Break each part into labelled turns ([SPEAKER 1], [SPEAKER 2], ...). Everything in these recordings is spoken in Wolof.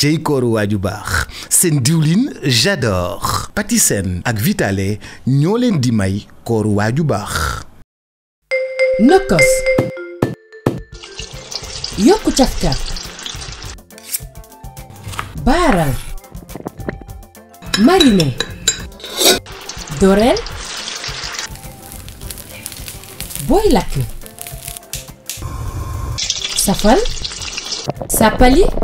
[SPEAKER 1] cey kooru waaju C'est seen j'adore Patisen ak Vitale ñoo leen di may kooru baral. baax nokkos
[SPEAKER 2] marine Dorel, safal Sapali.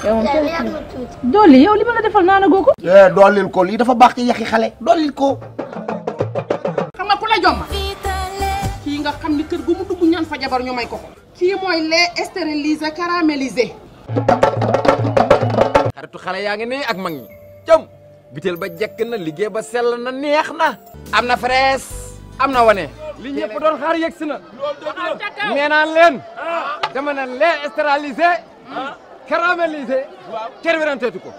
[SPEAKER 2] Doli, yow li ma la
[SPEAKER 1] defal naana googu eh, dollil ko lii dafa baax ci yaxi xale dollil ko
[SPEAKER 2] xam nga joma. la jomma kii nga xam ni kër gu mu dugg ñaan fa jabar ñu may ko ko kii mooy lait stérilisé caramélisé
[SPEAKER 1] xaritu xale yaa ngi nii ak mag ñi jëm ba jekk na liggéey ba sell na neex na am fraise am na wane li ñëpp doon xaar yegsi na nee naa leen ah. dama na lait stérilisé ah. karamelise terwirantetu ko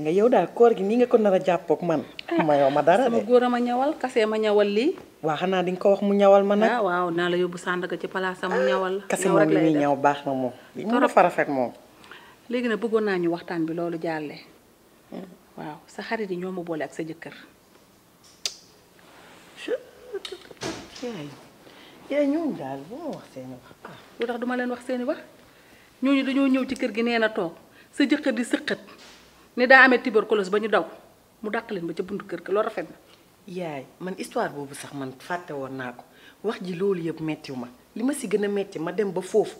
[SPEAKER 2] nga yow ya daal koor gi ni nga ko nar man mayoo ma dara sama góor a ma ñawal kase ma ñawal lii waa xanaa di nga ko wax mu ñawal ma nag waaw naa la yóbbu sàndaga ci palaasam mu ñawal la kase moom li muy ñaw baax na moom li mu dafa rafet moom léegi nag bëggoon naa ñu waxtaan bi loolu jàllee waaw sa xarit yi ak sa bu ma wax seen wax lu tax duma leen wax seen wax ñu dañu ñew ci kër gi neena tok sa jëkkër di sekkat ni da amé tuberculose bañu daw mu dàq leen ba ca buntu kër ke lo rafet na. yaay man histoire bobu sax man faté won nako wax ji loolu yeb méttiw ma li ma si gën a ma dem ba fofu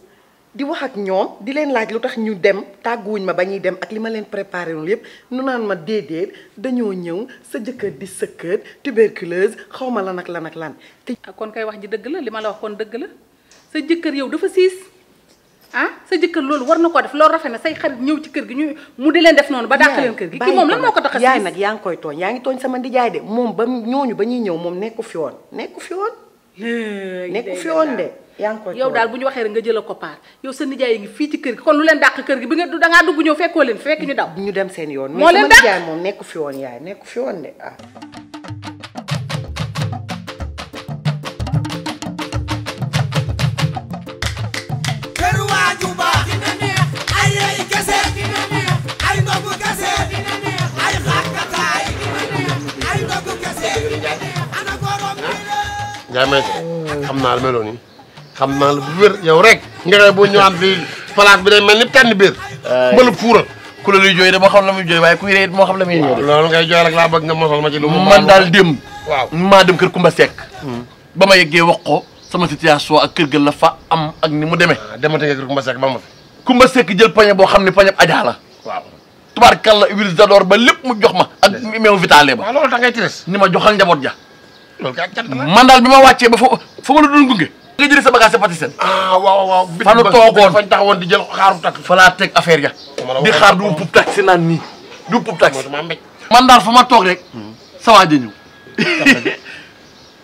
[SPEAKER 2] di wax ak ñoom di leen laaj lutax ñu dem tàgguwuñ ma bañuy dem ak lima leen préparé woon yeb nu naan ma dédé dañoo ñëw sa jëkkër di sëkkër tuberculose xawma ma lan ak lan ak lan te. Ah, kon kay wax ji deug la lima la wax kon deug la sa jëkkër yow dafa siis. ah sa jëkkër loolu war na ko def loolu rafet na say xarit ñëw ci kër gi ñu mu di leen def noonu ba dàq leen kër gi kii moom lan moo ko tax a yaay nag yaa ngi koy tooñ yaa ba ñuy ñëw moom nekku fi woon nekku fi woon nekku fi woon de yaa ngi koy daal bu ñu waxee rek nga jël a koppar yow sa nijaay yi ngi fii ci kër gi kon lu leen dàq kër gi bi nga da ngaa dugg ñëw fekkoo leen fekk ñu daw ñu dem seen yoon moo leen dàq mais moom nekku fi woon yaay nekku fi woon de ah.
[SPEAKER 1] Ndiaye xam naa la meloon nii xam naa la bu wér yow rek nga koy boo ñëwaat fii place bi day mel ni tànn biir. waaw mbëlu fuura. ku la jooy de moo xam la muy jooy waaye kuy moo xam la muy jooy. loolu ngay jooy bëgg nga mosal ma ci lu mu. man daal dem. waaw maa dem kër Kumba Seck. Hmm. ba ma yeggee wax ko sama situation ak kër ga la fa am ak ni mu demee. waaw ah, demate nga kër Kumba Seck ba ma fi. Kumba Seck jël pañe boo xam ne pañe ajaa la. waaw tubaarkalla huile d'ador ba lépp mu jox ma. ak meew vitale ba. waaw ah, loolu da ngay tiris ni ma jox joxal njaboot ja mandal bima wacce ma wàccee ba fa ma doon gungé nga jëri sa bagage sa sen ah waaw waaw fa la togon fañ taxawon di jël xaru tak fa la tek affaire ya di xaar du pou taxi nan ni du pou taxi man daal fa ma tok rek sa waa ji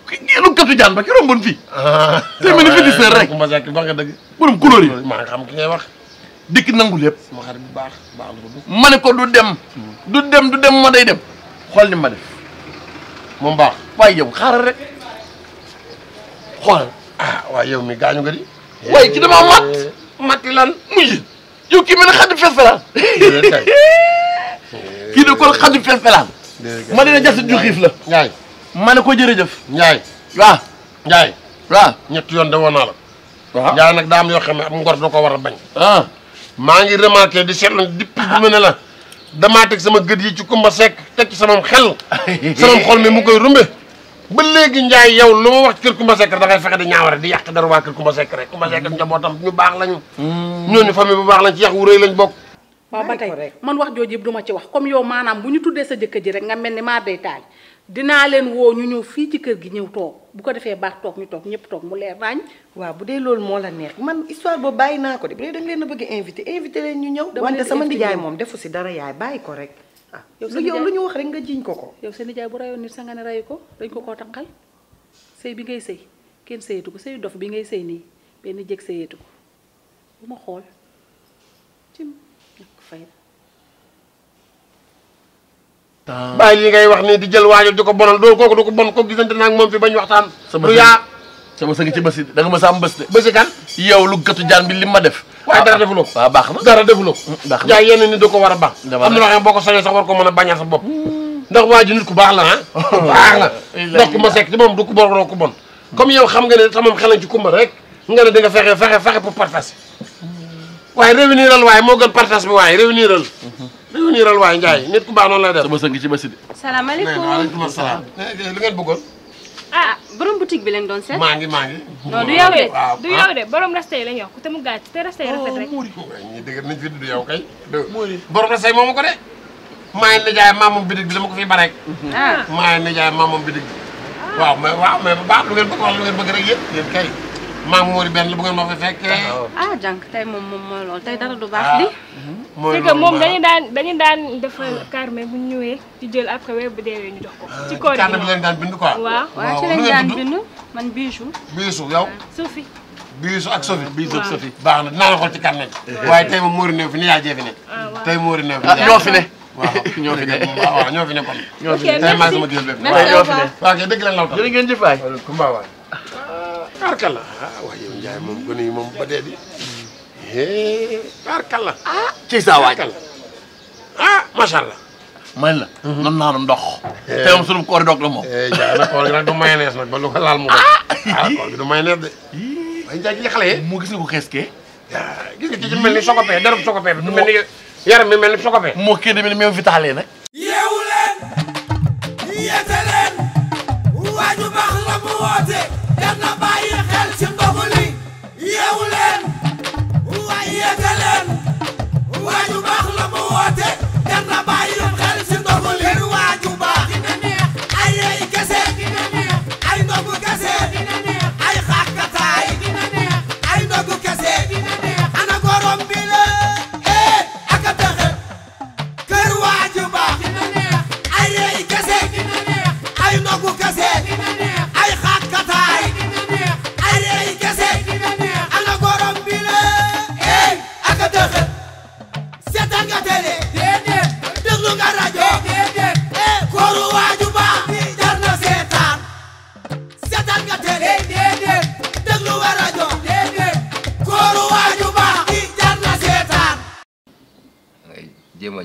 [SPEAKER 1] ñëw lu kaptu jaan ba ki romboon fii ah. te fi di sen rek ma ba nga dëgg borom couleur yi ma xam ki ngay wax dik nangu lépp ma bu baax baax lu ko du dem du dem du dem ma day dem xol ni ma def moom baax waaye yow xaaral rek xool ah waaye yow mi gaañu nga di. waaye ci damaa mat mati lan muy yow kii mel ne xaju festelaan. kii de kon xaju festelaan. ma dina jasi ju xiif la. ñaay ma ne ko jërëjëf. ñaay waaw. ñaay waaw ñetti yoon de woon naa la. waaw ñaay nag daa am yoo xam ne am ngor da ko war a bañ. Ah. maa ngi remarqué di seetlu depuis bi ma ne la. damaa teg sama gët yi ci kumba sekk teg ci samam xel samam xol mi mu koy rumbe ba léegi njaay yow lu ma wax ci kër kumba sekk da ngay fexe di ñaaware di yàq dara waa kër kumba sekk rek kumba sekk njabootam ñu baax lañu hmm. ñooñu famille bu baax lañ ci yàq wu rëy lañ bokk
[SPEAKER 2] waaw ba tey man wax jooj yëpp du ci wax comme yow maanaam bu ñu tuddee sa jëkkër ji rek nga mel ni maa day taal dinaa leen woo ñu ñëw fii ci kër gi ñëw toog bu ko defee baax toog ñu toog ñëpp toog mu leer ràññ. waaw bu dee loolu moo la neex man histoire boobu bàyyi naa ko de bu dee da leen a bëgg invité invité leen ñu ñëw. wante sama lijaay moom defu si dara yaay bàyyi ko rek. Ah, yow lu ñu wax rek nga jiñ ko ko. yow sa nijaay bu rayoon nit sa nga ne rayu ko dañ ko koo tànqal sëy bi ngay sëy kenn sëyeetu ko sëyu dof bi ngay sëy nii benn jég sëyeetu ko
[SPEAKER 1] bu ma xool ci fay bàyyi li ngay wax nii di jël waajal di ko bonal doo kooku du ko bon ko gisante naag moom fi bañ waxtaan lu yaa sama sëngi ci bësi da nga ma saam bës de bësi kan yow lu gëtu jaan bi lim ma def waaye ah, dara defuloo ah, waaw baax na dara defuloo mm, mm, baax na jaay yenn nit da ko war a baax am na loo xam boo ko sañoo sax war ko mën a bañal sa bopp ndax waa ji nit ku baax la ah oh, baax la ndax ku ma sekk moom du ko bon doo ko xam nga ne sa ci kumba rek nga ne nga fexe fexe Ini niiral waay Ndiaye nit ku baax noonu lay def. sama sën gi ci bés ngeen bëggoon. ah
[SPEAKER 2] borom boutique bi leen doon seet. maa ngi
[SPEAKER 1] non du yow de du yow de
[SPEAKER 2] borom rasta yi wax ku te mu te rasta rafet rek. Oh,
[SPEAKER 1] ñii dëgg nañ fi du yow kay. borom rasta yi ko de. maa ngi nijaay maa moom bi dama ko fi bare rek. Ah. Ah. waaw mais waaw mais baax lu ngeen lu ngeen bëgg rek kay maa Mori benn la bu ngeen ma fa fekkee.
[SPEAKER 2] ah jànk tey moom moom mooy tey dara du baax di.
[SPEAKER 1] Ah, mooy que moom dañu
[SPEAKER 2] daan dañu daan defal carnet bu ñu ñëwee di après weer bu deewee ñu jox ko.
[SPEAKER 1] ci koor gi carnet bi lañu daan bind quoi. waaw waaw ci lañu daan
[SPEAKER 2] bind man Bijou.
[SPEAKER 1] Bijou yow. Sophie. Bijou ak Sophie. Bijou ak Sophie. baax na dinaa la xool ci carnet bi. Eh. waaye tey moom Mori néew fi ni yaa jee fi ne. Ah, tey Mori néew fi ah, ne ñoo fi ne. waaw ñoo fi ne waaw ñoo fi ne kon. ñoo fi ne tey maa ngi sama jël bépp. waaw ñoo fi ne waaw kay dëgg barkalla ah wax yow Ndiaye moom ci ah. saa waay ah macha la. nan mhm. naa doon ndox. te moom sunu koor dog la moom. Ndiaye nag koor gi nag nag ba lu ko laal mu doon. Ah. ah koor gi du mayonnaise de. waaye Ndiaye gi xale yi. mu gis nga ko xees mel ni sokopee darab sokopee bi. mel ni yaram mi mel ni sokopee. vitale nag.
[SPEAKER 3] yeewu Mate!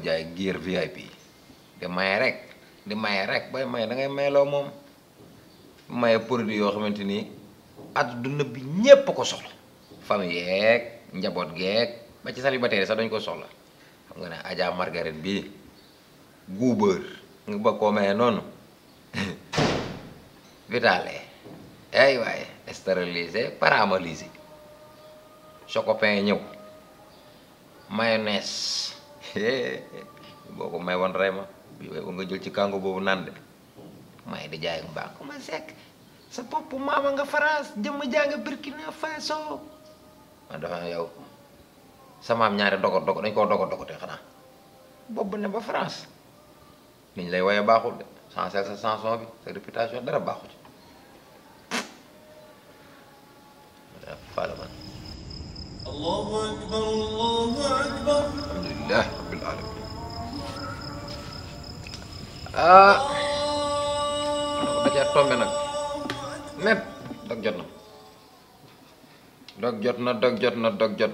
[SPEAKER 1] jai gear VIP di merek, di merek, bay may da ngay mayloo moom maye produit yoo xamante ni adduna bi ñépp ko soxla famille ek, njaboot gek, ba ci célibataire sax dañ ko soxla xam nga ne Adja Margaret bii guubër nga bëgg koo maye noonu vitale ay waaye stérilisé mayonnaise hehehe, ko may woon rey ma bi way nga jël ci kàngu boobu naan
[SPEAKER 3] may di jaay mbaa ko ma sekk
[SPEAKER 1] sa bopp maama nga France jëmm jaa Burkina Faso man dafa yow sa maam ñaari dogo dogo dañ koo dogo dogo te xanaa boobu ne ba France niñ lay woyee baaxul de sensé sa chanson bi sa réputation dara baaxu ci Allahu akbar Allahu akbar alhamdulillah العالمين ah aja tombe nag mépp dag jot na dag jot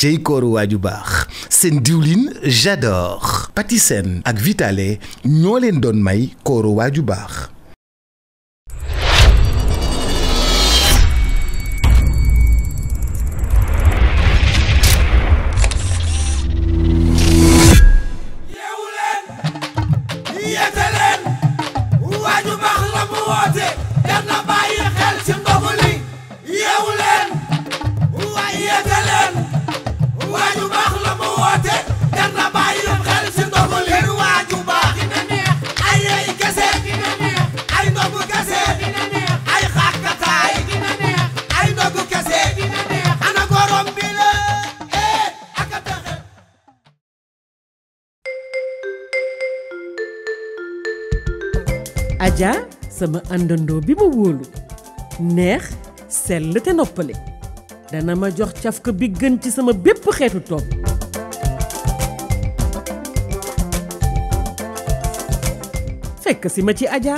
[SPEAKER 1] cey Koro waaju baax Sen j'adore Patisen ak Vitale Mai, don may
[SPEAKER 2] Adja sama àndandoo bi ma wóolu neex sell te noppale dana ma jox cafka bi gën ci sama bépp xeetu toog fekk si ma ci Adja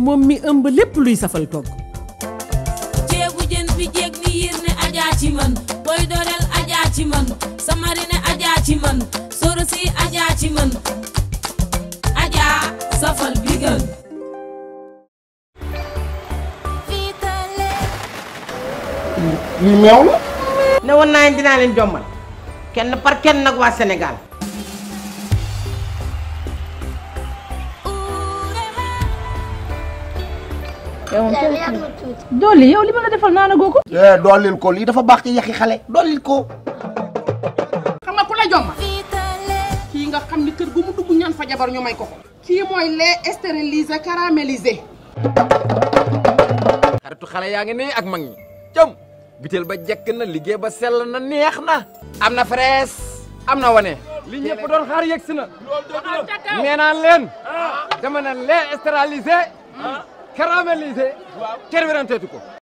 [SPEAKER 2] moom mi ëmb lépp luy safal togg jéegu jën bi jéeg ni yiir ne Adja ci man booy dooleel Adja ci man samari ne Adja ci man soro si aja ci man Adja safal lii meew ne woon naa leen dinaa leen jommal kenn par kenn nag waa Sénégal. dolli yow li ma la defal naa ne googu.
[SPEAKER 1] Eh, dollil ko lii dafa baax ci yaxi xale dollil
[SPEAKER 2] ko. xam nga ku la jommal. kii nga xam ni kër gu mu dugg ñaan fa jabar ñu may ko kii mooy lait stérilisé caramélisé.
[SPEAKER 1] xaritu xale yaa ngi nii ak mag ñi biteel ba jekk na liggéey ba sell na neex na. am na fraise am na wane. li ñëpp doon xaar yegg si na. nee naa leen. Ah. dama ne lait stéralisé. caramélisé. waaw ah. ko.